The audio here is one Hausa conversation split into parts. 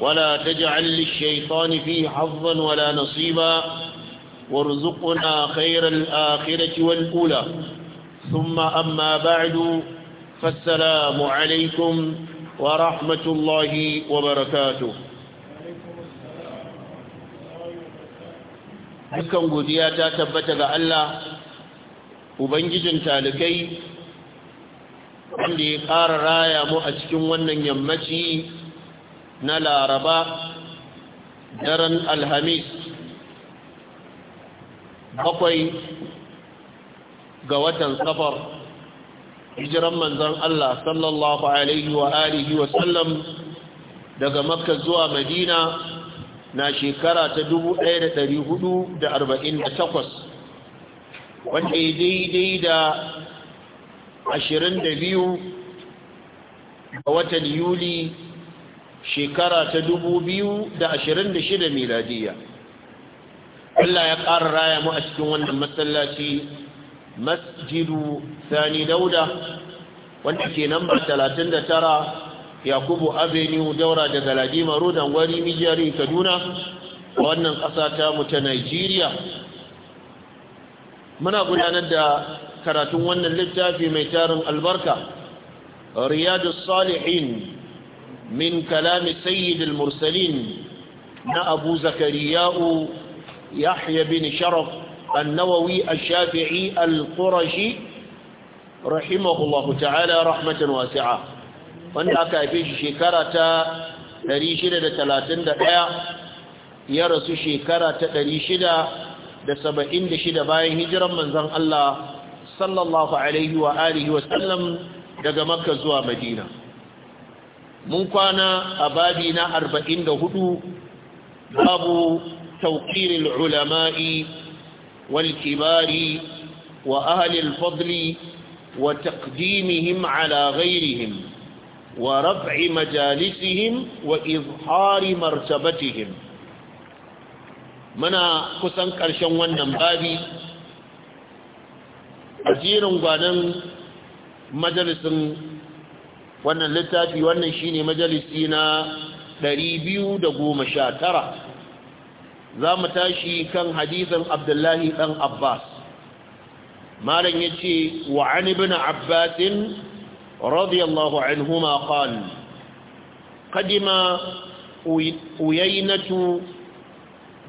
ولا تجعل للشيطان فيه حظا ولا نصيبا وارزقنا خير الآخرة والأولى ثم أما بعد فالسلام عليكم ورحمة الله وبركاته dukkan godiya ta tabbata ga Allah ubangijin talikai wanda ya ƙara raya mu a cikin wannan yammaci na laraba daren alhamis bakwai ga watan safar hijiran manzan Allah sallallahu alaihi wa alihi wa sallam daga makka zuwa madina na shekara ta 1448 wanda ya daidai da 22 ga watan yuli shekara ta dubu biyu da da miladiya Allah ya ƙara raya mu a cikin wannan masallaci masjidu sani dauda wanda ke namba talatin da tara yakubu avenue daura da galadima rodan gwari mijiyari kaduna a wannan ƙasa ta mu ta nigeria muna gudanar da karatun wannan littafi mai tarin albarka riyadu salihin من كلام سيد المرسلين نا أبو زكرياء يحيى بن شرف النووي الشافعي القرشي رحمه الله تعالى رحمة واسعة wanda aka haife shi shekara ta 631 ya rasu shekara ta 676 bayan hijiran manzon Allah sallallahu alaihi wa alihi daga makka zuwa madina mun kwana a babi na arba'in da hudu babu tauƙirin ulama'i walkibari wa ahalin fadli wa taqdimihim ala ghairihim wa raf'i majalisihim wa izhari martabatihim muna kusan ƙarshen wannan babi a jirin gwanon majalisin wannan littafi wannan shine majalisi na 219 za mu tashi kan hadisin abdullahi ɗan abbas malam yace wa an ibn abbas radiyallahu anhuma qal qadima uyaynatu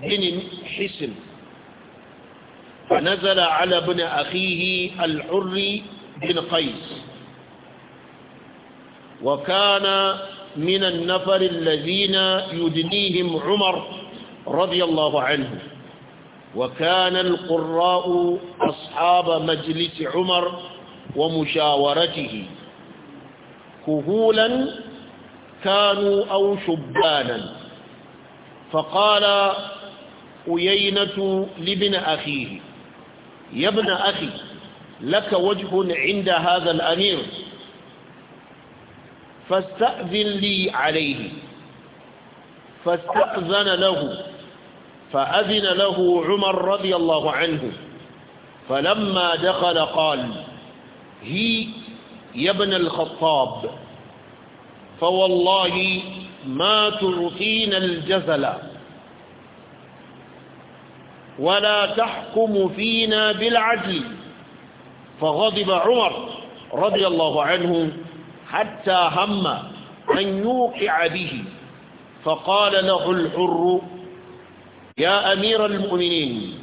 bin hisn فنزل على ابن أخيه الحر بن قيس وكان من النفر الذين يدنيهم عمر رضي الله عنه وكان القراء أصحاب مجلس عمر ومشاورته كهولا كانوا أو شبانا فقال أيينة لابن أخيه يا ابن أخي لك وجه عند هذا الأمير فاستأذن لي عليه فاستأذن له فأذن له عمر رضي الله عنه فلما دخل قال هي يا ابن الخطاب فوالله ما ترثين الجزل ولا تحكم فينا بالعدل فغضب عمر رضي الله عنه حتى هم أن يوقع به فقال له الحر يا أمير المؤمنين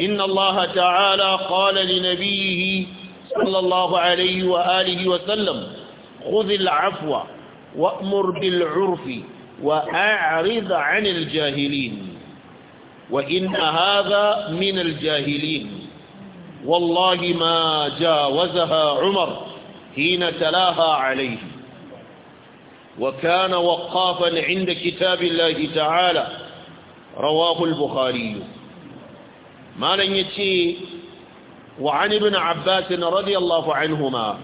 إن الله تعالى قال لنبيه صلى الله عليه وآله وسلم خذ العفو وأمر بالعرف وأعرض عن الجاهلين وإن هذا من الجاهلين والله ما جاوزها عمر حين تلاها عليه وكان وقافا عند كتاب الله تعالى رواه البخاري ما لن يتي وعن ابن عباس رضي الله عنهما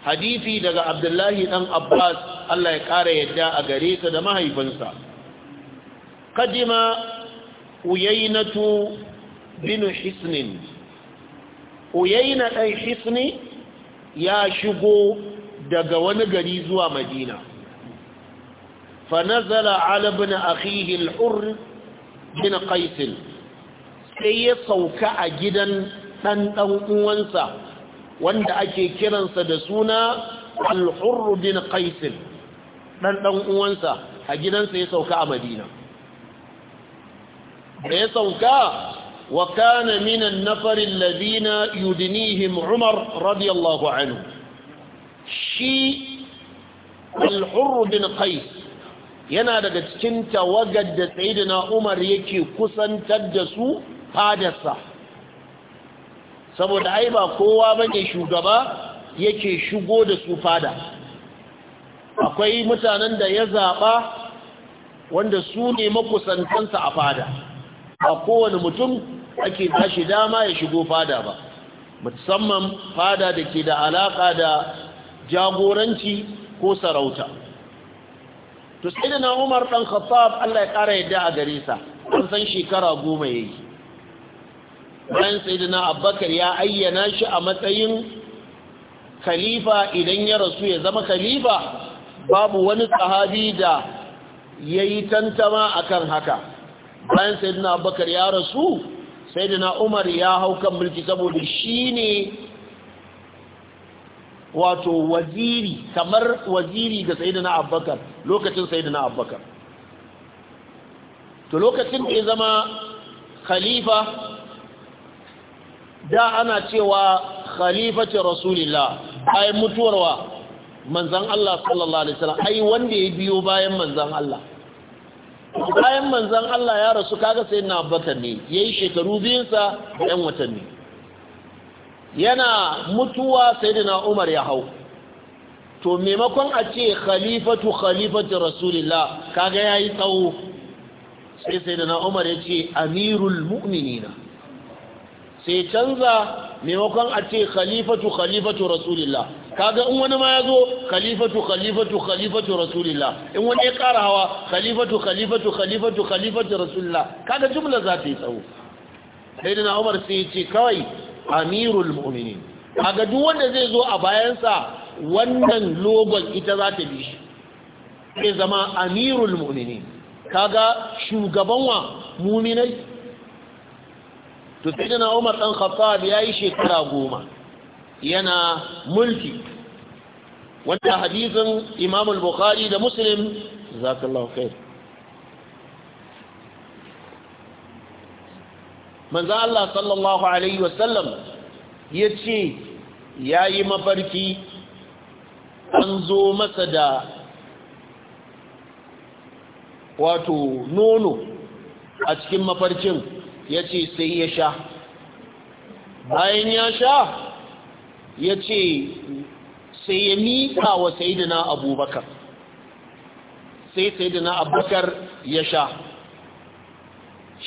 hadisi daga abdullahi ɗan abbas allah ya ƙara yadda a gare da mahaifinsa kadima uyainatu bin hisnin uyaina ɗan hisni ya shigo daga wani gari zuwa madina fanazala alabin akhihil ur bin qaisil sai ya sauka a gidan ɗan uwansa wanda ake kiransa da suna al-hurr bin qaisil ɗan uwansa a gidansa ya sauka a madina da ya sauka وكان من النفر الذين يدنيهم عمر رضي الله عنه شي الحر بن قيس yana daga cikin tawagar da na umar yake kusantar da su fadarsa saboda ai ba kowa bane shugaba yake shigo da su fada akwai mutanen da ya zaɓa wanda su ne makusantansa a fada a kowane mutum ake ba shi dama ya shigo fada ba musamman fada da ke da alaƙa da jagoranci ko sarauta to sai da na umar ɗan khattab allah ya ƙara yadda a gare sa an san shekara goma ya yi bayan sai da na abbakar ya ayyana shi a matsayin khalifa idan ya rasu ya zama khalifa babu wani sahabi da ya yi tantama akan haka bayan sai da na abbakar ya rasu sai da umar ya hau kan mulki saboda shi ne wato waziri kamar waziri ga sai da abubakar lokacin sai da abubakar to lokacin da ya zama khalifa da ana cewa khalifati rasulillah bayan mutuwarwa manzan Allah sallallahu alaihi wasallam ai wanda ya biyo bayan manzan Allah bayan manzan Allah ya rasu kaga sai na abubakar ne ya yi shekaru biyunsa da 'yan watanni yana mutuwa sai da na umar ya hau to maimakon a ce khalifatu khalifatu rasulillah kaga ya yi tsawo sai sai da na umar ya ce amirul mu'minina sai canza maimakon a ce khalifatu khalifatu rasulillah kaga in wani ma ya zo khalifatu khalifatu khalifatu rasulillah in wani ya kara hawa khalifatu khalifatu khalifatu khalifatu rasulillah kaga jumla za ta yi tsawo sai da umar sai ya ce kawai amirul mu'minin kaga duk wanda zai zo a bayansa wannan logon ita za ta bi shi zai zama amirul mu'minin kaga shugaban wa muminai to sai na umar ɗan khattab ya yi shekara goma yana mulki wanda hadisin imam al-bukhari da muslim zakallahu khair manzo Allah sallallahu alaihi wasallam yace yayi mafarki an zo masa da wato nono a cikin mafarkin ya ce sai ya sha bayan ya sha ya ce sai ya miƙa wa sayidina abubakar sai saidina abubakar ya sha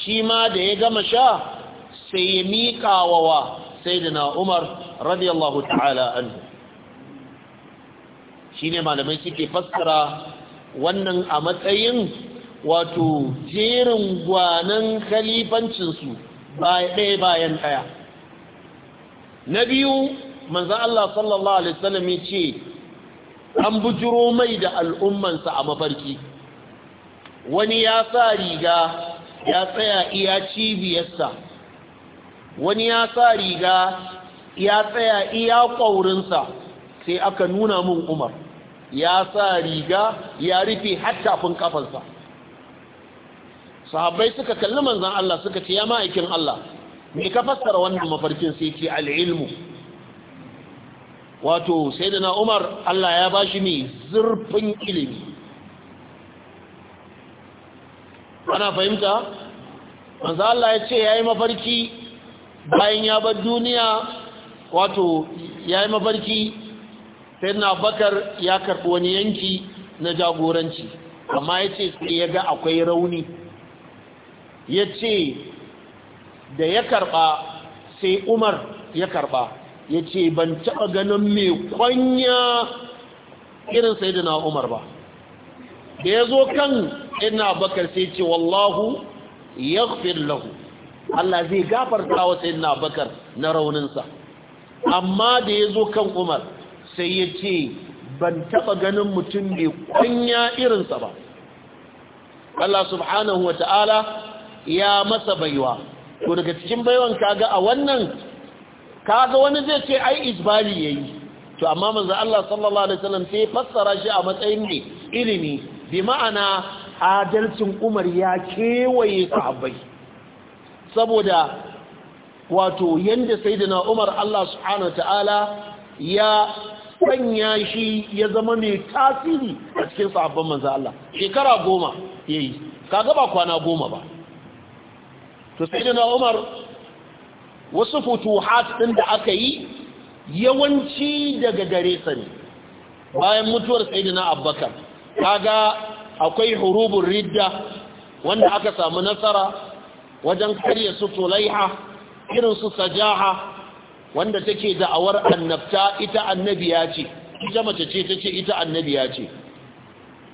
shi ma da ya gama sha sai ya miƙa wa wa umar radiyallahu ta'ala anhu shi ne malamai suke fassara wannan a matsayin wato jerin gwanan khalifancinsu ɗaya bayan ɗaya na biyu manzan Allah sallallahu Alaihi wasallam ya ce an bujiro mai da al'ummansa a mafarki wani ya sa riga ya tsaya iya cibiyarsa wani ya sa riga ya tsaya iya ƙaurinsa sai aka nuna mun umar ya sa riga ya rufe hattafin ƙafarsa. sahabbai suka kalli manzan Allah suka ce ya ma'aikin Allah me ka fassara wannan mafarkin sai ce al'ilmu wato sai da na umar Allah ya ba shi ne zurfin ilimi ana fahimta manzan Allah ya ce ya yi mafarki bayan ya bar duniya wato ya yi mafarki sai na bakar ya karɓi wani yanki na jagoranci amma ya ce sai ya ga akwai rauni ya ce da ya karɓa sai umar ya karɓa ya ce ban taɓa ganin mai kwanya irin sai na umar ba da ya zo kan ina bakar sai ce wallahu ya lahu Allah zai gafarta wa sai na bakar na rauninsa amma da ya zo kan umar sai ya ce ban taɓa ganin mutum mai kwanya irinsa ba Allah subhanahu wa ta'ala ya masa baiwa to daga cikin baiwan kaga a wannan kaga wani zai ce ai isbali yayi to amma manzo Allah sallallahu alaihi wasallam sai fassara shi a matsayin ne ilimi bi ma'ana adalcin Umar ya kewaye sahabbai saboda wato yanda sayyidina Umar Allah subhanahu wataala ya sanya shi ya zama mai tasiri a cikin sahabban manzo Allah shekara goma yayi kaga ba kwana goma ba to sai umar wasu futuhat ɗin da aka yi yawanci daga gare sa ne bayan mutuwar sayyidina abubakar kaga akwai hurubun ridda wanda aka samu nasara wajen karya su tulaiha irin su sajaha wanda take da'awar annabta ita annabiya ce ita mace ce take ita annabiya ce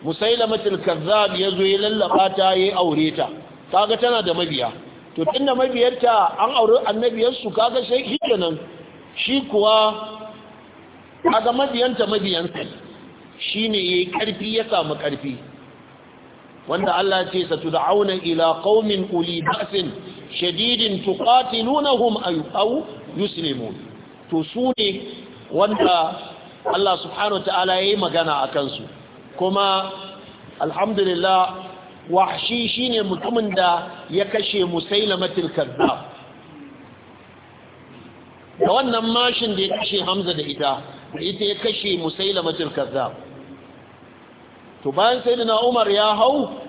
musailamatul kazzab yazo ya lallaba ta yayi aure kaga tana da mabiya to tunda mabiyarta an auri annabiyarsu kaga sai hikenan shi kuwa kaga mabiyanta mabiyansa shine yayi karfi ya samu karfi wanda Allah ce auna ila qaumin uli ba'sin shadidin tuqatilunhum aw yuslimun to sune wanda Allah subhanahu wa ta'ala yayi magana akan su kuma alhamdulillah wahshi shine mutumin da ya kashe Musaila kazzab da wannan mashin da ya kashe hamza da ita da ita ya kashe musailamatul da. to bayan sayyidina umar ya hau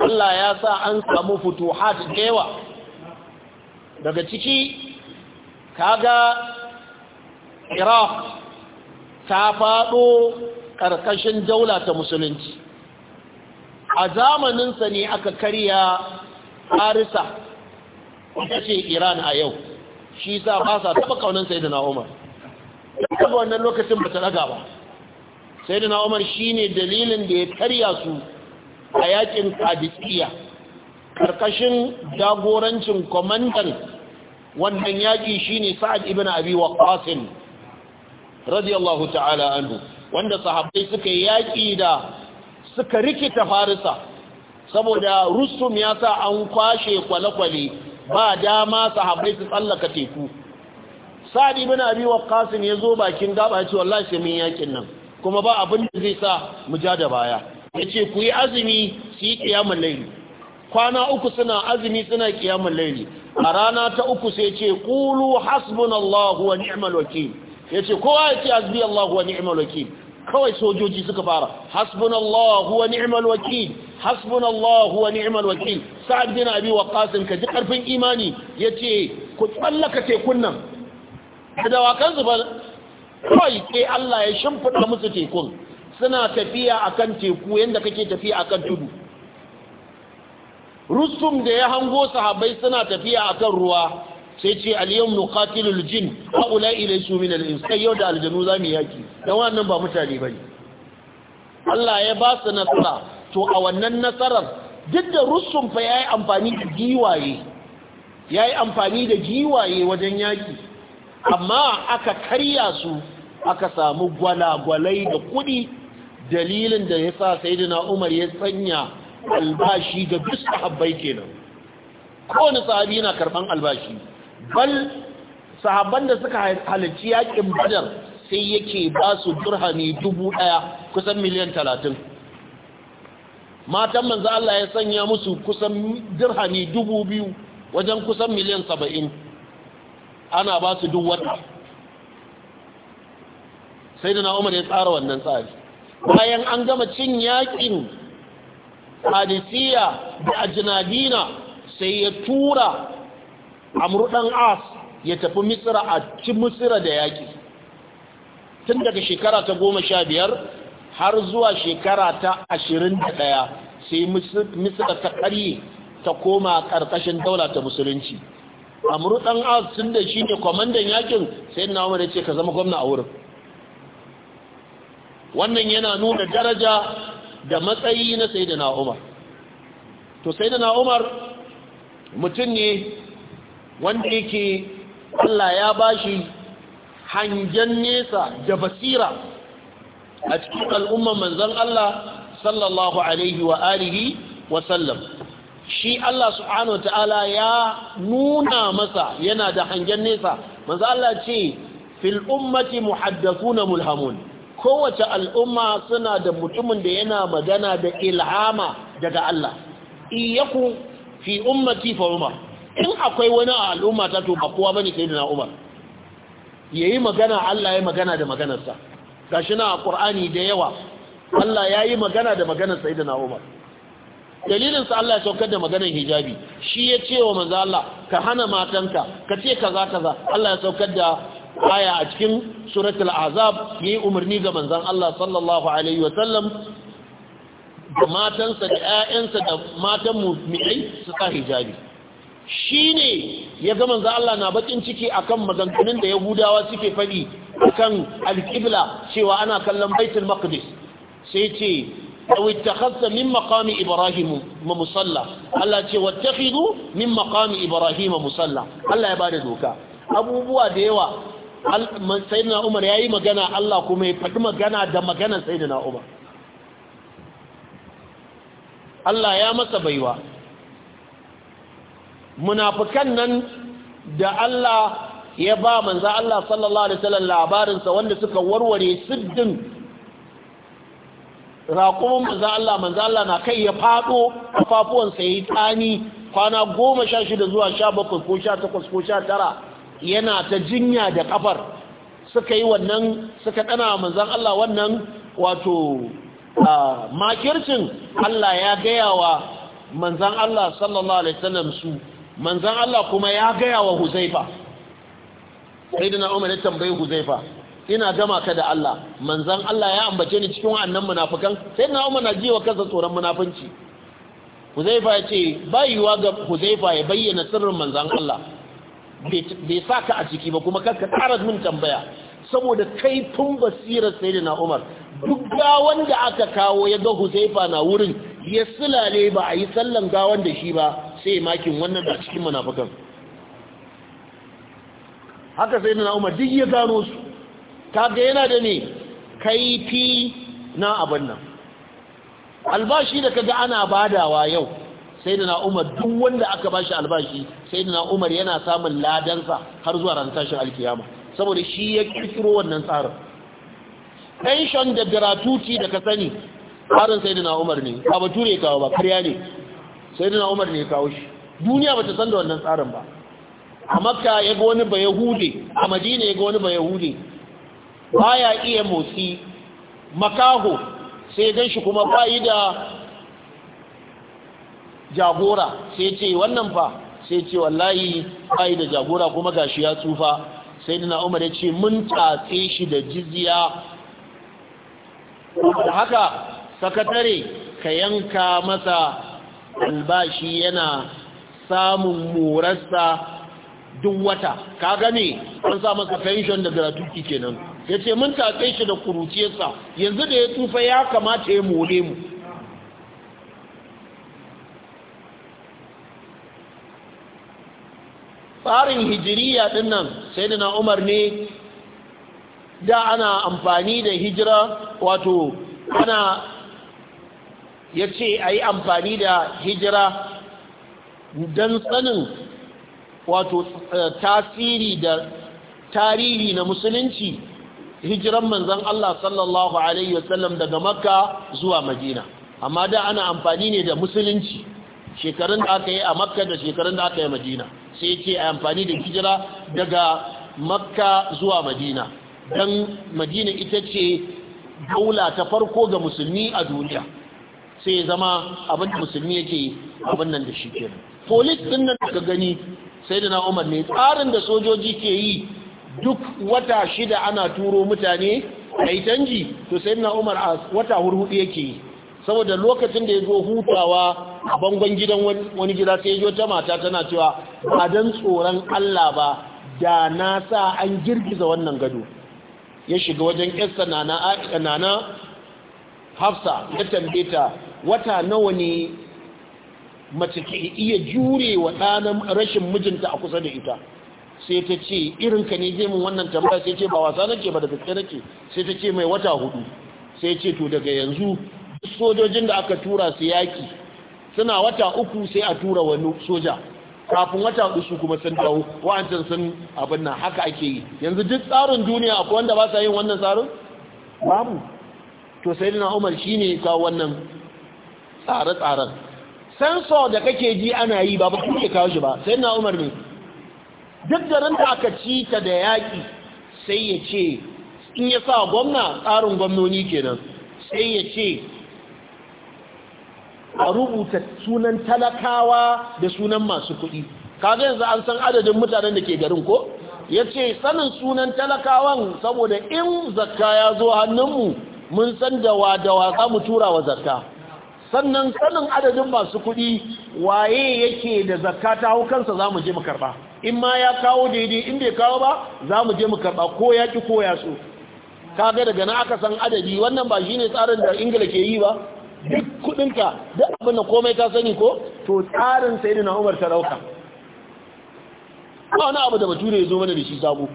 Allah ya sa an samu futuhat dewa daga ciki kaga iraq ta faɗo ƙarƙashin daula ta musulunci a zamaninsa ne aka karya harisa wata ce iran a yau shi sa ba sa taba kaunin sai da na'umar daga wannan lokacin ba ta daga ba sai da na'umar shi ne dalilin da ya karya su a yakin kadisiyya karkashin jagorancin kwamandan wannan yaƙi shi ne sa'ad ibn abi wa qasim radiyallahu ta'ala anhu wanda sahabbai suka yaƙi da suka rikita farisa saboda rusum ya sa an kwashe kwale-kwale ba dama sahabbai su tsallaka teku sa'adi bin abi kasin ya zo bakin gaba ya ce wallahi sai mun yakin nan kuma ba abin da zai sa mu ja da baya yace ku yi azumi su yi qiyamul layli kwana uku suna azumi suna qiyamul layli a rana ta uku sai yace qulu hasbunallahu wa ni'mal wakeel yace kowa yace hasbi allah wa ni'mal wakeel kawai sojoji suka fara hasbunallahu wa ni'mal wakil hasbunallahu wa ni'mal wakil sa'ad bin abi waqqas ka ji karfin imani yace ku tsallaka tekun nan da wakan su ba kawai sai Allah ya shimfida musu tekun suna tafiya akan teku yanda kake tafiya akan tudu rusum da ya hango sahabbai suna tafiya akan ruwa sai ce al-yawm jin haula ilaysu min al-ins kai yau da aljanu zamu yaki dan wannan ba mutane ba ne. Allah ya ba su nasara to a wannan nasarar duk da rusun fa yayi amfani da giwaye amfani da giwaye wajen yaki amma aka karya su aka samu gwalagwalai da kudi dalilin da yasa sayyidina Umar ya tsanya albashi ga duk sahabbai kenan kowane sahabi yana karban albashi bal sahabban da suka halarci yakin badar sai yake ba su durhami dubu ɗaya kusan miliyan talatin matan manzo Allah ya sanya musu kusan dirhami dubu biyu wajen kusan miliyan saba'in ana ba su duk wata sai da na'umar ya tsara wannan tsari bayan an gama cin yakin hadisiya da ajinadina sai ya tura amru dan as ya tafi misira a ci misira da yaƙi tun daga shekara ta goma sha biyar har zuwa shekara ta ashirin da ɗaya sai misra ta ƙarye ta koma ƙarƙashin daula ta musulunci amru dan as tun da shi ne kwamandan yakin sai na umar ce ka zama gwamna a wurin wannan yana nuna daraja da matsayi na sai da umar to sai da umar mutum ne wanda yake Allah ya bashi hangen nesa da basira a cikin al'umman manzon Allah sallallahu alaihi wa alihi wa sallam shi Allah subhanahu ta'ala ya nuna masa yana da hangen nesa manzan Allah ce fil ummati muhaddathuna mulhamun kowace al'umma suna da mutumin da yana magana da ilhama daga Allah iyaku fi ummati fa umma. in akwai wani a al'umma ta to ba kowa bane sai na Umar yayi magana Allah ya magana da maganarsa gashi na Qur'ani da yawa Allah ya yi magana da maganar Sayyidina Umar dalilin sa Allah ya saukar da maganar hijabi shi ya ce wa manzo Allah ka hana matanka ka ce kaza kaza Allah ya saukar da aya a cikin suratul azab yayi umarni ga manzon Allah sallallahu alaihi wasallam da matansa da ƴaƴansa da matan mu'minai su sa hijabi shi ne ya ga manzo Allah na bakin ciki akan maganganun da yahudawa suke faɗi akan alƙibla cewa ana kallon baitul maqdis sai ce aw ittakhadta min maqami ibrahim ma musalla Allah ce wattakhidhu min maqami ibrahim musalla Allah ya bada doka abubuwa da yawa sayyidina Umar yayi magana Allah kuma ya faɗi magana da magana sayyidina Umar Allah ya masa baiwa munafikan nan da Allah ya ba manza Allah sallallahu alaihi wasallam labarinsa wanda suka warware siddin raƙumin manza Allah manza Allah na kai ya faɗo fado ya yi tsani kwana goma sha shida zuwa sha bakwai ko sha takwas ko sha tara yana ta jinya da ƙafar suka yi wannan suka ɗana manzan Allah wannan wato makircin Allah ya gaya wa manzan Allah sallallahu Alaihi wasallam su manzan Allah kuma ya gaya wa huzaifa sai da na umar ya tambayi huzaifa ina gama ka da Allah manzan Allah ya ambace ni cikin wa'annan munafukan sai na umar na jiwa kansa tsoron munafunci huzaifa ya ce bayuwa ga huzaifa ya bayyana sirrin manzan Allah bai sa ka a ciki ba kuma kanka ƙara min tambaya saboda kaifin basirar sai da Na'umar. duk gawan da aka kawo ya ga huzaifa na wurin ya silale ba a yi sallan gawan da shi ba sai makin wannan da cikin manafakan haka sai na umar duk ya gano su ta ga yana da ne kaifi na abin nan albashi da kaga ana badawa yau sai da na umar duk wanda aka ba shi albashi sai da na umar yana samun ladansa har zuwa ran alkiyama saboda shi ya kirkiro wannan tsarin pension da gratuity da ka sani tsarin sai da na umar ne ba bature kawo ba karya ne sai dina umar ne kawo shi duniya ba ta san da wannan tsarin ba a makka ya ga wani ba a madina ya ga wani ba yahude ba ya iya motsi makaho sai gan shi kuma bayi da jagora sai ce wannan fa sai ce wallahi bayi da jagora kuma gashi ya tsufa sai dina umar ya ce mun tatse shi da jizya haka sakatare ka yanka masa albashi yana samun morarsa duk wata ka gane an sa masa pension da gratuity kenan ya ce mun tatse shi da kuruciyarsa yanzu da ya tufa ya kamata ya more mu tsarin hijiriya din nan sai da na umar ne da ana amfani da hijira wato ana ya ce a yi amfani da hijira don tsanin wato eh, tasiri da tarihi na musulunci hijiran manzan Allah sallallahu Alaihi wasallam daga makka zuwa madina amma da ana amfani ne da musulunci shekarun da aka yi a makka da shekarun da aka yi madina sai ce a amfani da hijira daga makka zuwa madina don madina ita ce daula ta farko ga musulmi a duniya sai ya zama abin da musulmi yake abin nan da shi kenan polis din nan daga gani sai da na umar ne tsarin da sojoji ke yi duk wata shida ana turo mutane a yi canji to sai na umar a wata hurhudu yake yi saboda lokacin da ya zo hutawa a bangon gidan wani gida sai ya ta mata tana cewa ba don tsoron allah ba da na sa an girgiza wannan gado ya shiga wajen ƙasa na. hafsa ya tambaye ta wata nawa ne mace ke iya jure wa ɗanan rashin mijinta a kusa da ita sai ta ce irinka ne zai mun wannan tambaya sai ce ba wasa nake ba da gaske nake sai ta ce mai wata hudu sai ce to daga yanzu sojojin da aka tura su yaki suna wata uku sai a tura wani soja kafin wata uku su kuma sun dawo wa'ancan sun abin nan haka ake yi yanzu duk tsarin duniya akwai wanda ba sa yin wannan tsarin babu to sai na umar shi ne ka wannan tsare-tsaren sensor da kake ji ana yi ba ba kuke kawo shi ba sai na umar ne duk da ranta aka ci ta da yaƙi sai ya ce in ya sa gwamna tsarin gwamnoni kenan sai ya ce a rubuta sunan talakawa da sunan masu kuɗi kaga yanzu an san adadin mutanen da ke garin ko ya ce sanin sunan talakawan saboda in zakka ya zo hannunmu mun san da wa da wa za mu tura wa zakka sannan sanin adadin masu kuɗi waye yake da zakka ta hau kansa za mu je mu karɓa in ma ya kawo daidai in bai kawo ba za mu je mu karɓa ko ya ki ko ya so kaga daga na aka san adadi wannan ba shine tsarin da ingila ke yi ba duk kuɗinka duk abin da komai ka sani ko to tsarin sayyidina umar ta ɗauka. ba wani abu da bature ya zo mana da shi sabo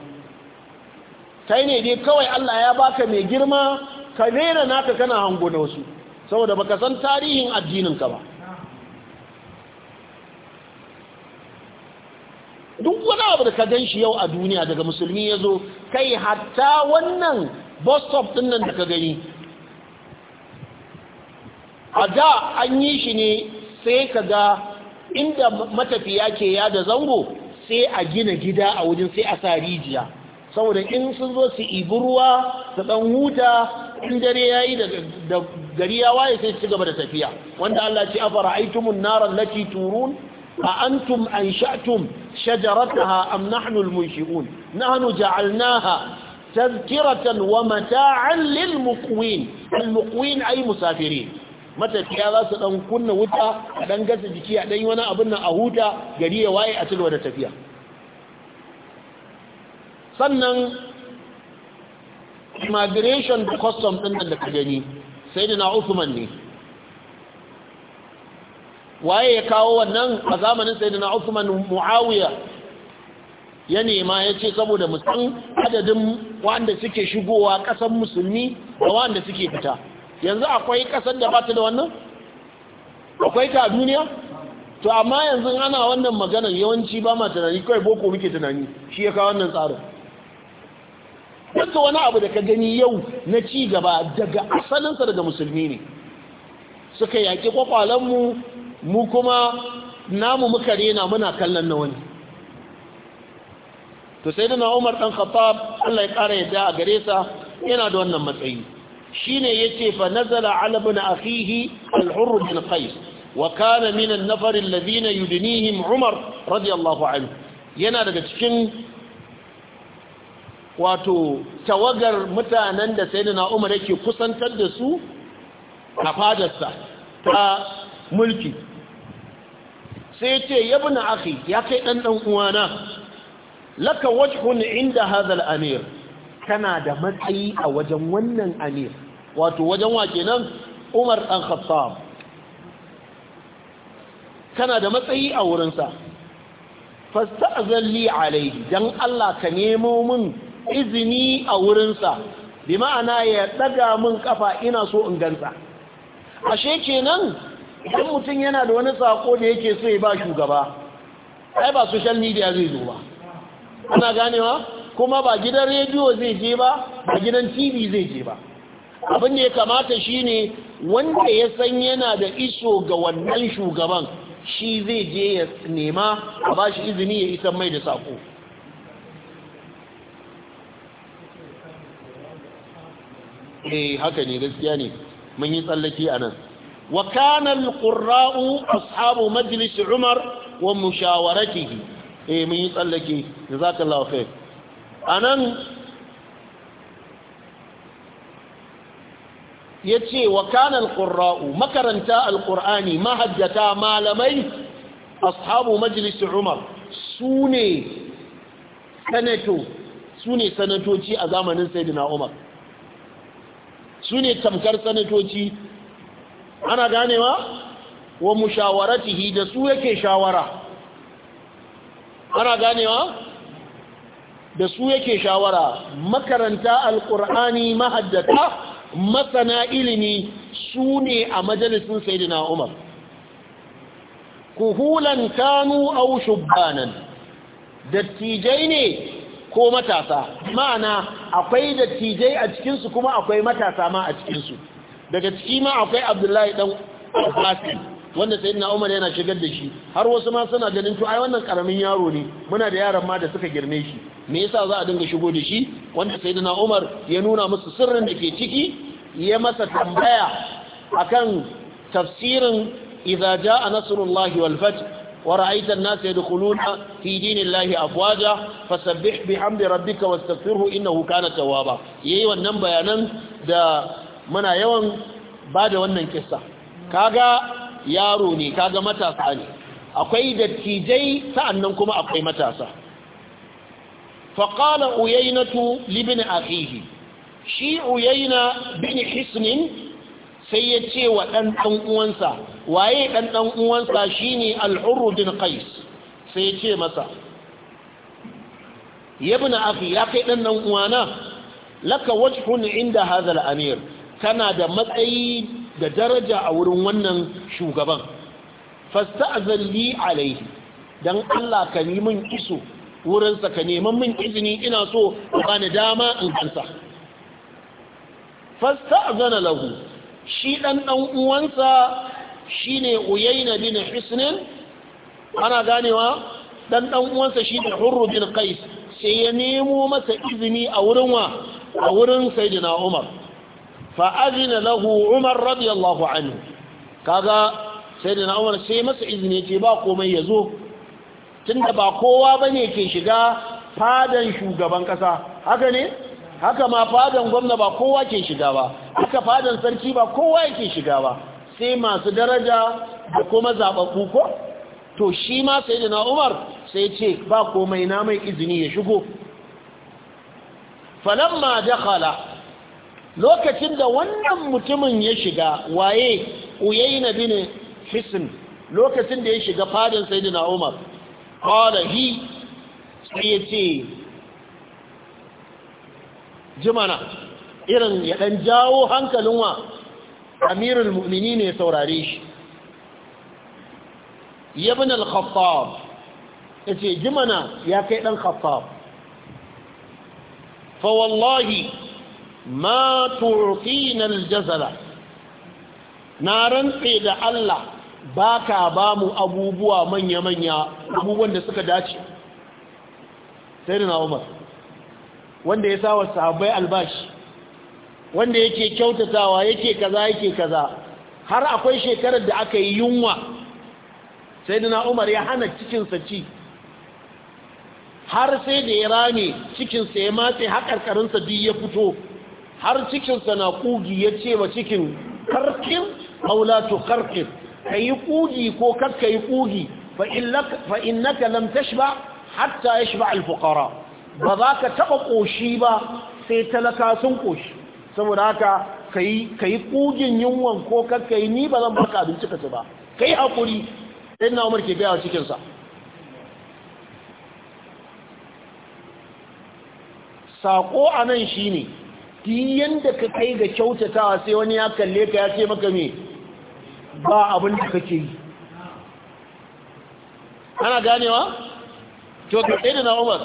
kai ne dai kawai Allah ya baka mai girma ka rena naka kana hango na wasu saboda baka san tarihin addininka ba duk wani abu da ka gan shi yau a duniya daga musulmi ya zo kai hatta wannan bus stop din nan da ka gani a da an yi shi ne sai ka ga inda matafiya ke ya da zango sai a gina gida a wajen sai a sa rijiya saboda in sun zo su ibi ruwa su ɗan huta in dare yayi da gari ya waye sai su gaba da tafiya wanda Allah ce afara aitumun naran lati turun a antum ansha'tum shajarataha am nahnu almunshi'un nahnu ja'alnaha تذكرة ومتاعا للمقوين المقوين أي مسافرين matafiya za su ɗan kunna wuta a ɗan gasa jiki a ɗan wani abin nan a huta gari ya waye a cilwa da tafiya sannan immigration da custom ɗin da ka gani sai da na usman ne waye ya kawo wannan a zamanin sai da na usman muawiya ya nema ya ce saboda musan adadin wanda suke shigowa ƙasan musulmi da wanda suke fita yanzu akwai ƙasar da bata da wannan akwai ta duniya to amma yanzu ana wannan maganar yawanci ba ma tunani kawai boko muke tunani shi ya kawo wannan tsarin duka wani abu da ka gani yau na ci gaba daga asalinsa daga musulmi ne suka yaƙi kwakwalenmu mu kuma namu muka rena muna kallon na wani to sai da umar ɗan khattab Allah ya ƙara yadda a gare sa yana da wannan matsayi shine yace fa nazala ala ibn akhihi al bin qais wa kana min an-nafar alladhina yudnihim umar radiyallahu anhu yana daga cikin wato tawagar mutanen da na Umar yake kusantar da su a fadarsa ta mulki sai ce ya bi akhi ya kai ɗan ɗan uwana laka wajhun inda hazal amir kana da matsayi a wajen wannan amir wato wajen wa nan umar ɗan khattab kana da matsayi a wurinsa fasta'zan li alaihi dan Allah ka nemo min izini a wurinsa bi ma'ana ya ɗaga min kafa ina so in gansa ashe kenan idan mutum yana da wani sako da yake so ya ba shugaba ai ba social media zai zo ba ana ganewa kuma ba gidan rediyo zai je ba ba gidan tv zai je ba abin da ya kamata shine wanda ya san yana da iso ga wannan shugaban shi zai je ya nema a ba shi izini ya isa mai da sako eh haka ne gaskiya ne mun yi tsallaki a nan wa kana alqurra'u ashabu majlis umar wa mushawaratihi eh mun yi tsallaki jazakallahu khair anan yace wa kana alqurra'u makaranta alqur'ani mahajjata malamai ashabu majlis umar sune sanato sune sanatoci a zamanin sayyidina umar su ne tamkar sanatoci ana ganewa wa mushawaratihi da su yake shawara ana ganewa da su yake shawara makaranta alkur'ani mahaddata masana ilimi su ne a majalisun sayidina umar kuhulan kanu au shubbanan dattijai ne ko matasa ma'ana akwai dattijai a cikinsu kuma akwai matasa ma a cikinsu daga ciki ma akwai abdullahi dan abbasi wanda sai na umar yana shigar da shi har wasu ma suna ganin to ai wannan karamin yaro ne muna da yaran ma da suka girme shi me yasa za a dinga shigo da shi wanda sai na umar ya nuna musu sirrin da ke ciki ya masa tambaya akan tafsirin idza jaa nasrullahi wal fath ورأيت الناس يدخلون في دين الله أفواجا فسبح بحمد ربك واستغفره إنه كان توابا يأيوا النمبا ينم دا منا يوم بعد ونن كسا كاغا ياروني كاغا متاساني أقوي دتيجي سأننكم أقوي متاسا فقال أيينة لابن أخيه شي أيينة بن حسن sai ya ce wa ɗan ɗan uwansa waye ɗan ɗan uwansa shine al-hurr bin sai ya ce masa yabna akhi ya kai ɗan ɗan uwana laka wajhun inda hazal amir kana da matsayi da daraja a wurin wannan shugaban a zalli alayhi dan Allah ka min iso wurinsa ka neman min izini ina so ka bani dama in a zana lahu shi ɗan ɗan uwansa shi ne na bin hisnin ana ganewa ɗan ɗan uwansa shi ne hurru bin kais sai ya nemo masa izini a wurin wa a wurin sayyidina umar faazina lahu umar radiyallahu anhu kaga sayyidina umar sai masa izini ce ba komai ya zo tunda ba kowa ba ne ke shiga fadan shugaban ƙasa haka ne haka ma fadan gwamna ba kowa ke shiga ba haka fadan sarki ba kowa yake shiga ba sai masu daraja da kuma zaɓaɓɓu ko to shi ma sai da na umar sai ce ba komai na mai izini ya shigo falamma dakhala lokacin da wannan mutumin ya shiga waye uyayna bin hisn lokacin da ya shiga fadan sayyidina umar qala hi sai ya ce jimana irin ya ɗan jawo hankalin wa amirul mu'mini ne saurare shi yabin al-khattab ya ce jimana ya kai ɗan khattab fawallahi wallahi ma turqina al na rantse da Allah baka ba mu abubuwa manya-manya abubuwan da suka dace sai da na umar wanda ya sawa sahabbai albashi wanda yake kyautatawa yake kaza yake kaza har akwai shekarar da aka yi yunwa sai duna umar ya hana cikinsa ci har sai da ya rame cikinsa ya matse haƙarƙarinsa biyu ya fito har cikinsa na ƙugi ya ce wa cikin karfin aulatu karfin ka yi ƙugi ko kakka yi ƙugi fa innaka lam ba hatta ya shiga alfukara ba za ka taɓa ƙoshi ba sai talaka sun ƙoshi saboda haka ka yi ƙugin yunwan ko kakka yi ni ba zan baka abinci ka ci ba ka yi haƙuri ɗin na umar ke gaya cikinsa saƙo a nan shi ne ti yadda ka kai ga kyautatawa sai wani ya kalle ka ya ce maka me ba abin da kake yi ana ganewa? to ka ɗaya na umar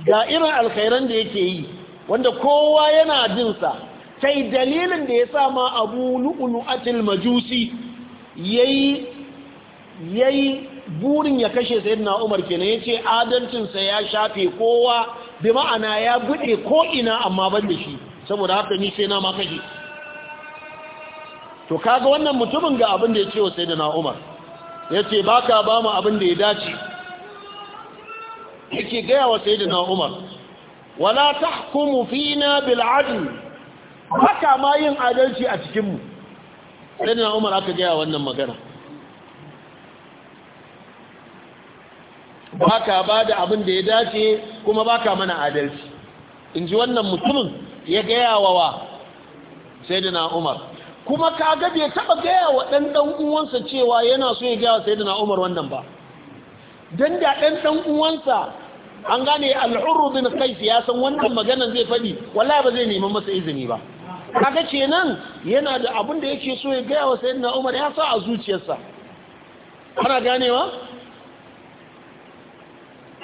ga irin alkhairan da yake yi wanda kowa yana jinsa sai dalilin da ya sa ma abu atil majusi yayi yayi burin ya kashe sayyidina Umar kenan yace adalcin sa ya shafe kowa bi ma'ana ya bude ko ina amma ban da shi saboda haka ni sai na ma kashe to kaga wannan mutumin ga abin da yace wa sayyidina Umar yace baka ba mu abin da ya dace yake gaya wa sayyidina Umar wala tahkumu fina bil adl haka ma yin adalci a cikin mu sayyidina Umar aka gaya wannan magana baka bada abin da ya dace kuma baka mana adalci in ji wannan mutumin ya gaya wa wa sayyidina Umar kuma kaga bai taba gaya wa dan dan uwansa cewa yana so ya gaya wa sayyidina Umar wannan ba dan da dan dan uwansa an gane al'urru bin kais ya san wannan maganan zai faɗi wallahi ba zai nemi masa izini ba kaga kenan yana da abun da yake so ya gaya wa sayyidina Umar ya sa a zuciyarsa ana ganewa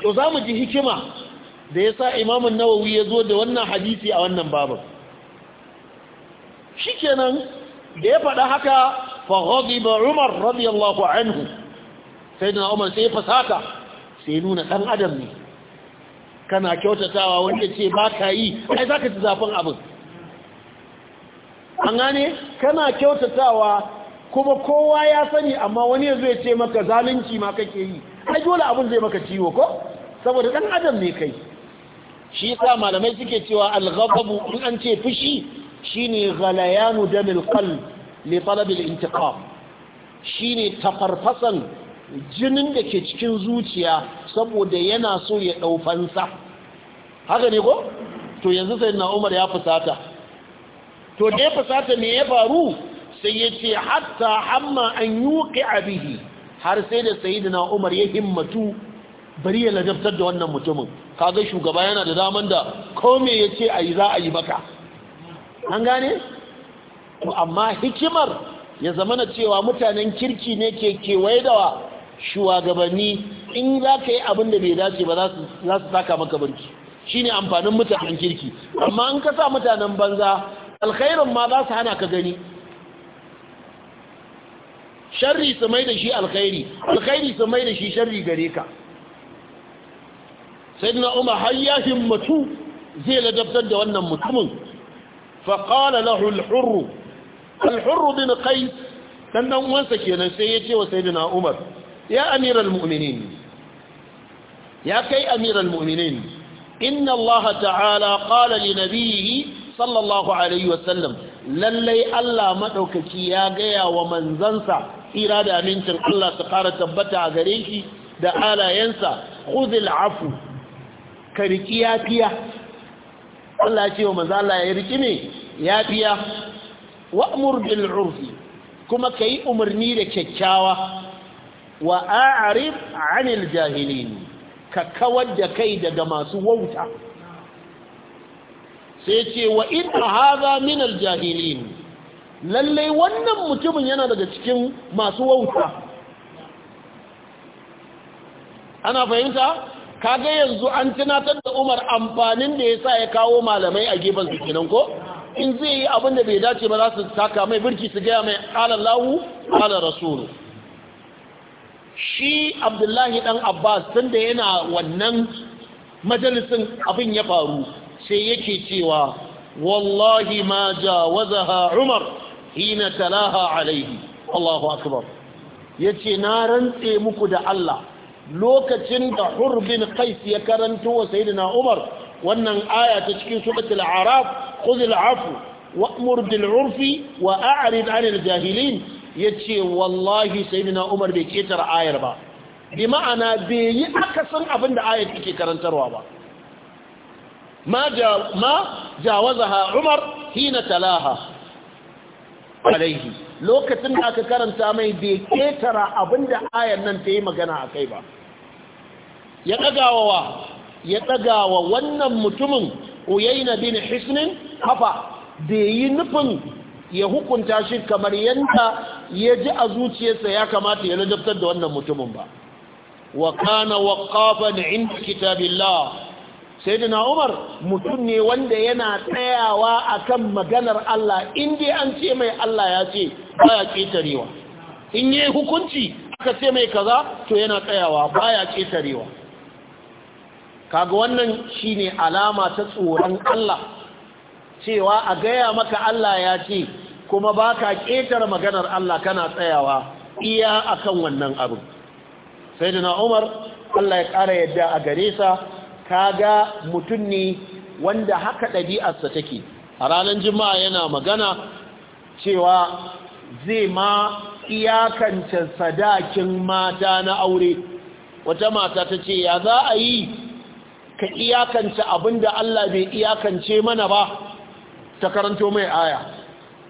to za mu ji hikima da yasa sa an nawawi ya zo da wannan hadisi a wannan babin shi kenan da ya faɗa haka ghadiba umar radiyallahu anhu sayyidina umar sai fasata sai nuna ɗan adam ne kana kyautatawa wanda ce ba ka yi ai za ka ci zafin abin an gane kana kyautatawa kuma kowa ya sani amma wani ya zai ce maka zalunci ma kake yi ai dole abin zai maka ciwo ko saboda dan adam ne kai shi sa malamai suke cewa al-ghadabu in an ce fushi shine ghalayanu damil qalb li talab al-intiqam shine tafarfasan jinin da ke cikin zuciya saboda yana so ya ɗaufansa haka ne ko? to yanzu sai na umar ya fusata to da ya fusata ne ya faru sai ya ce hatta hamma an yuƙi abihi har sai da sayi na umar ya himmatu bari ya ladabtar da wannan mutumin kaga shugaba yana da daman da kome ya ce a yi za a yi baka an gane? amma hikimar ya zamana cewa mutanen kirki ne ke kewaye da shugabanni in za ka yi abin da bai dace ba za su saka maka barki shine amfanin mutanen kirki amma in ka sa mutanen banza alkhairun ma za su hana ka gani sharri su mai da shi alkhairi alkhairi su mai da shi sharri gare ka sai na umar har ya himmatu zai ladabtar da wannan mutumin faƙala lahu alhurru alhurru bin kai ɗan ɗan uwansa kenan sai ya ce wa sai umar ya amiral mu'minin ya kai amiral mu'minin inna Allah ta'ala qala li nabiyhi sallallahu alaihi wasallam lallai Allah maɗaukaki ya gaya wa manzansa ira da amincin Allah su ƙara tabbata a gare shi da alayensa khudhil afu kariki yafiya Allah ce wa manzo Allah ya riki ne yafiya wa'mur bil urfi kuma yi umarni da kyakkyawa wa a'rif 'anil jahilin ka kawar da kai daga masu wauta sai ce wa in hadha min al jahilin lalle wannan mutumin yana daga cikin masu wauta ana fahimta kaga yanzu an tunatar da Umar amfanin da yasa ya kawo malamai a gefen su kenan ko in zai yi abin da bai dace ba za su taka mai birki su gaya mai qala Allahu qala rasuluhu shi abdullahi dan abbas tun da yana wannan majalisin abin ya faru sai yake cewa wallahi ma jawazaha umar hina talaha alaihi allahu akbar yace na rantse muku da Allah lokacin da hurbin qais ya karanto wa sayyidina umar wannan aya ta cikin suratul araf khudh al-afu wa'mur bil 'urfi wa a'rid 'anil jahilin ya ce wallahi sai na umar bai ketara ayar ba bi ma'ana bai yi akasin abin da ayar ke karantarwa ba ma jawaza ha umar hina talaha alaihi lokacin da aka karanta mai bai ketara abin da ayar nan ta yi magana a kai ba ya ɗagawa ya ɗagawa wannan mutumin uyaina bin hisnin hafa bai yi nufin ya hukunta shi kamar yadda ya ji a zuciyarsa ya kamata ya ladabtar da wannan mutumin ba wa kana waqafan inda kitabillah sayyidina umar mutum ne wanda yana tsayawa akan maganar Allah inda an ce mai Allah ya ce baya ketarewa in yi hukunci aka ce mai kaza to yana tsayawa baya ketarewa kaga wannan shine alama ta tsoron Allah cewa a gaya maka Allah ya ce kuma ba ka ƙetare maganar Allah kana tsayawa iya akan wannan abu sai da umar Allah ya ƙara yadda a gare sa ka ga mutum ne wanda haka ɗabi'arsa take a ranar juma'a yana magana cewa zai ma iyakance sadakin mata na aure wata mata ta ce ya za a yi ka iyakance da Allah bai iyakance mana ba ta karanto mai aya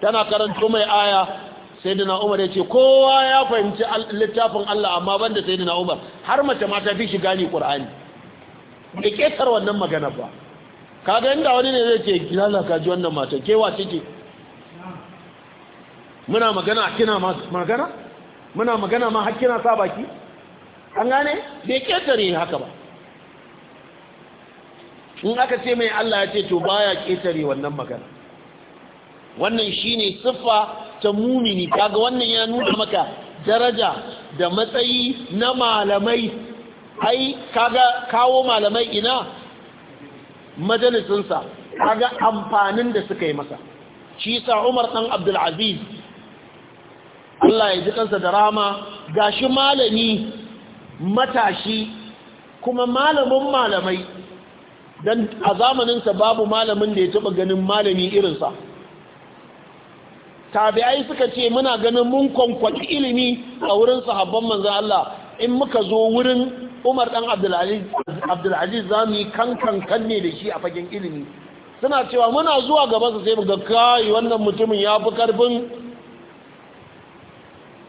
tana karanto mai aya sai dina umar ya ce kowa ya fahimci littafin Allah amma banda sai dina umar har mace ma ta fi shi gani ƙur'ani da ƙetar wannan magana ba kaga inda wani ne zai ce ka kaji wannan mata kewa ciki muna magana kina magana muna magana ma har kina sa baki an gane bai ƙetare haka ba in aka ce mai Allah ya ce to baya ƙetare wannan magana wannan shine siffa ta mumini kaga wannan ya nuna maka daraja da matsayi na malamai ai kaga kawo malamai ina majalisinsa kaga amfanin da suka yi masa shi sa Umar dan Abdul Allah ya ji kansa da rama shi malami matashi kuma malamin malamai dan a zamaninsa babu malamin da ya taba ganin malami irinsa tabi'ai suka ce muna ganin mun kwankwaci ilimi a wurin sahabban manzan Allah in muka zo wurin Umar dan Abdulaziz za mu yi kankan kanne da shi a fagen ilimi suna cewa muna zuwa gaba su sai mu ga kai wannan mutumin ya fi karfin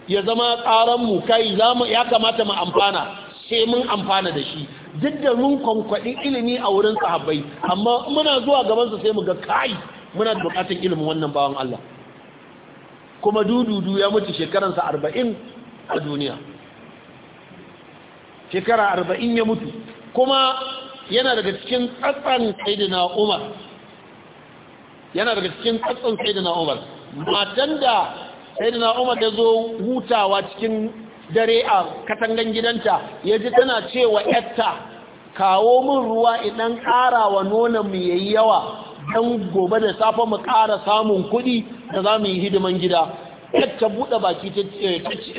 ya zama mu kai ya kamata mu amfana sai mun amfana da shi duk da mun kwankwaɗi ilimi a wurin sahabbai amma muna zuwa gaban su sai mu ga kai muna da bukatun ilimin wannan bawan Allah kuma dududu ya mutu shekaransa arba'in a duniya shekara arba'in ya mutu kuma yana daga cikin tsatsan saidina umar yana daga cikin tsatsan saidina umar matan da saidina umar da zo hutawa cikin dare a katangan gidanta ya ji tana cewa yatta kawo min ruwa idan ƙara wa nonon mu yayi yawa don gobe da safe mu ƙara samun kuɗi da za mu yi hidiman gida ta buɗe baki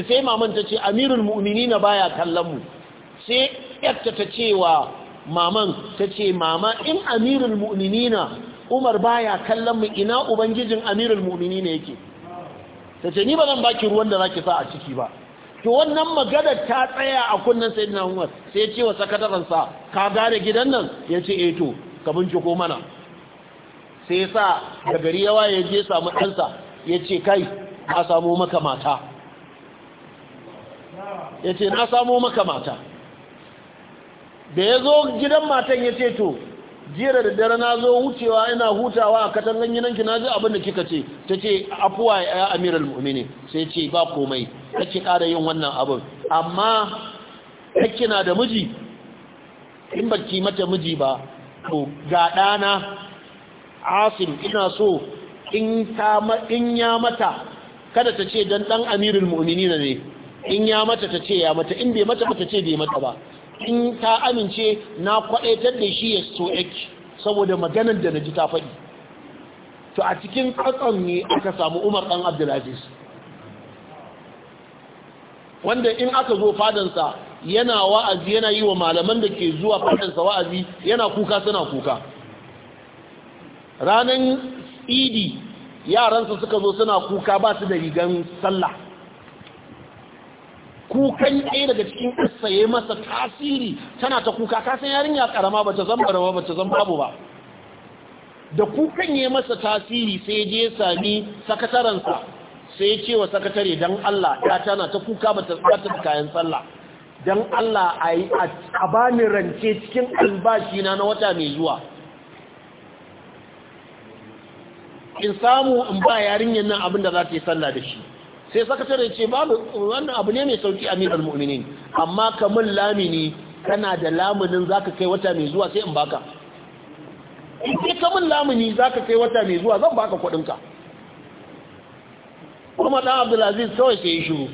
sai maman ta ce amirul mu'mini na baya kallon mu sai yadda ta ce wa maman ta ce mama in amirul mu'mini na umar baya kallon mu ina ubangijin amirul mu'mini na yake ta ce ni ba zan baki ruwan da za ki sa a ciki ba to wannan maganar ta tsaya a kunnen sayyidina umar sai ya ce wa sakataransa ka gane gidan nan ya ce eto eh to ka binciko mana sai ya sa da gari yawa ya je samu ɗansa ya ce kai na samu maka mata ya ce na samu maka mata da ya zo gidan matan ya ce to jira da dare na zo wucewa ina hutawa a katangan nanki na ji abin da kika ce ta ce afuwa ya al mu'mini sai ce ba komai kake ƙara yin wannan abin amma kake na da miji in baki mata miji ba to ga ɗana asim ina so in ya mata kada ta ce don ɗan amirul mu'minina ne in ya mata ta ce ya mata in bai mata ba ta ce bai mata ba in ta amince na kwadaitar da shi ya so yake saboda maganar da na ji ta faɗi to a cikin tsatson ne aka samu umar ɗan abdulaziz wanda in aka zo fadansa yana wa'azi yana yi wa malaman da ke zuwa fadansa wa'azi yana kuka suna kuka ranar idi yaransa suka zo suna kuka ba su da rigan sallah kukan ɗaya daga cikin ƙasaye masa tasiri tana ta kuka kasan yarinya ƙarama ba ta zamba ba ta zamba abu ba da kukan ya masa tasiri sai je sami sakatarensa sai ya ce wa sakatare don Allah ya tana ta kuka ba ta tsata kayan sallah don Allah a bani rance cikin albashina na wata mai zuwa in samu in ba yarinyar nan abin da za ta yi sallah da shi sai sakatare ce babu wannan abu ne mai sauki amirul mu'minin amma kamar lamini kana da lamunin zaka kai wata mai zuwa sai in baka in kai kamar lamini zaka kai wata mai zuwa zan baka kuɗin ka kuma dan Abdulaziz kawai sai ya shiru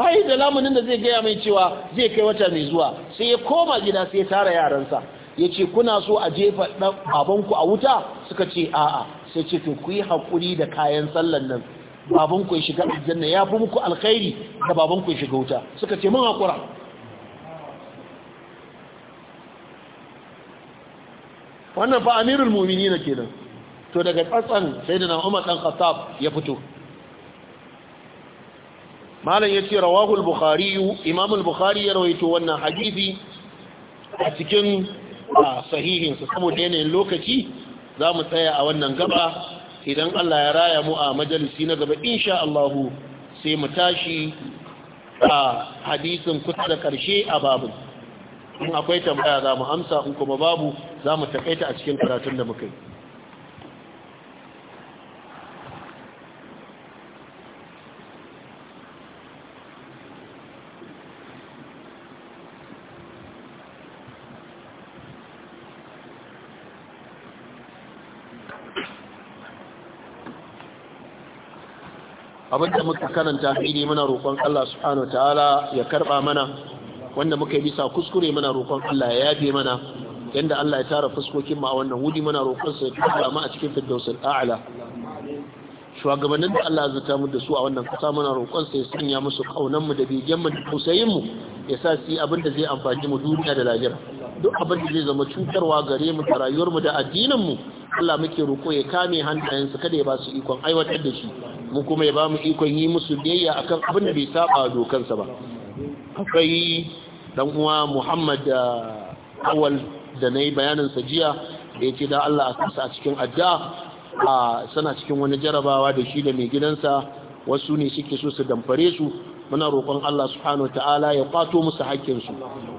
bai da lamunin da zai gaya mai cewa zai kai wata mai zuwa sai ya koma gida sai ya tara yaransa ya ce kuna so a jefa ɗan babanku a wuta suka ce a'a sai ce ku yi haƙuri da kayan sallan nan baban ku shiga aljanna ya fi muku alkhairi da baban ku shiga wuta suka ce mun haƙura wannan fa amirul mumini na kenan to daga tsatsan sai da umar dan khattab ya fito malam ya ce rawahul bukhari imamul bukhari ya rawaito wannan hadisi a cikin sahihinsa saboda yanayin lokaci za mu tsaya a wannan gaba idan Allah ya raya mu a majalisi na gaba insha Allahu sai mu tashi a hadisin kusa da ƙarshe a babu in akwai tambaya za mu amsa in kuma babu za mu takaita a cikin karatun da muka yi abinda muka karanta fili muna roƙon Allah subhanahu ta'ala ya karba mana wanda muka yi bisa kuskure muna roƙon Allah ya yabe mana yanda Allah ya tara fuskokin mu a wannan wuri muna roƙon sa ya karba mu a cikin firdausul a'la shugabannin da Allah zata mu da su a wannan kasa muna roƙon sa ya sanya musu kaunan mu da bigen mu da tausayin mu ya sa su yi abin zai amfani mu duniya da lahira duk abin da zai zama cutarwa gare mu da rayuwar mu da addinin mu Allah muke roƙo ya kame hannayensu kada ya ba su ikon aiwatar da shi mu kuma ya ba mu ikon yi musu biyayya akan abin da bai saba dokansa ba akwai dan uwa Muhammad ah, awal da nayi bayanin sa jiya da ya ce da Allah a a cikin addu'a a sana cikin wani jarabawa da shi da mai gidansa wasu ne suke so su damfare su muna roƙon Allah subhanahu ta'ala ya kwato musu hakkin su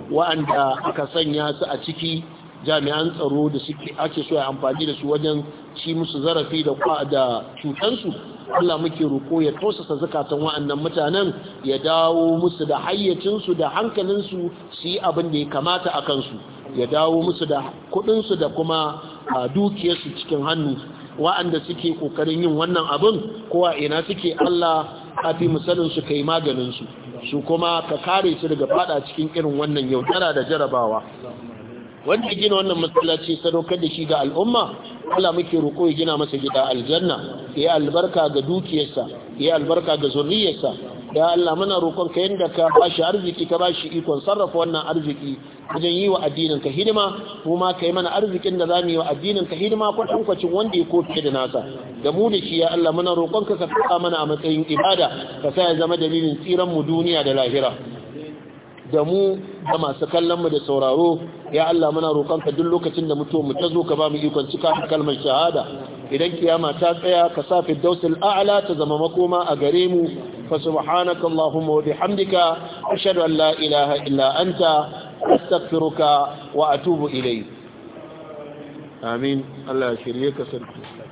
wa'anda aka sanya su a ciki jami'an tsaro da suke ake so ya amfani da su wajen ci musu zarafi da da cutansu Allah muke roko ya tausasa zakatan wa'annan mutanen ya dawo musu da hayyacinsu da hankalinsu su yi abin da ya kamata a kansu ya dawo musu da kuɗinsu da kuma a dukiyarsu cikin hannu wa'anda suke ƙoƙarin yin wannan abin kowa ina suke Allah fi misalin su kai maganin su kuma ka kare su daga fada cikin irin wannan yaudara da jarabawa wanda gina wannan masallaci sadaukar da shi ga al'umma Allah muke roƙo ya gina masa gida aljanna ya albarka ga dukiyarsa ya albarka ga zuriyarsa ya Allah muna roƙon ka yanda ka bashi arziki ka ba shi ikon sarrafa wannan arziki wajen yi wa addinin ka hidima kuma kai mana arzikin da zamu yi wa addinin ka hidima dan kwacin wanda ya kofi da nasa da mu da shi ya Allah muna roƙon ka ka mana a matsayin ibada ka sa ya zama dalilin tsiran mu duniya da lahira da mu da masu kallon mu da sauraro ya Allah muna roƙonka duk lokacin da mutuwa mu ta zo ka ba mu ikon cika kalmar shahada idan kiyama ta tsaya ka sa firdausul a'la ta zama makoma a gare mu fa subhanaka allahumma wa bihamdika ashhadu an la ilaha illa anta astaghfiruka wa atubu ilayk amin Allah ya shirye ka sarki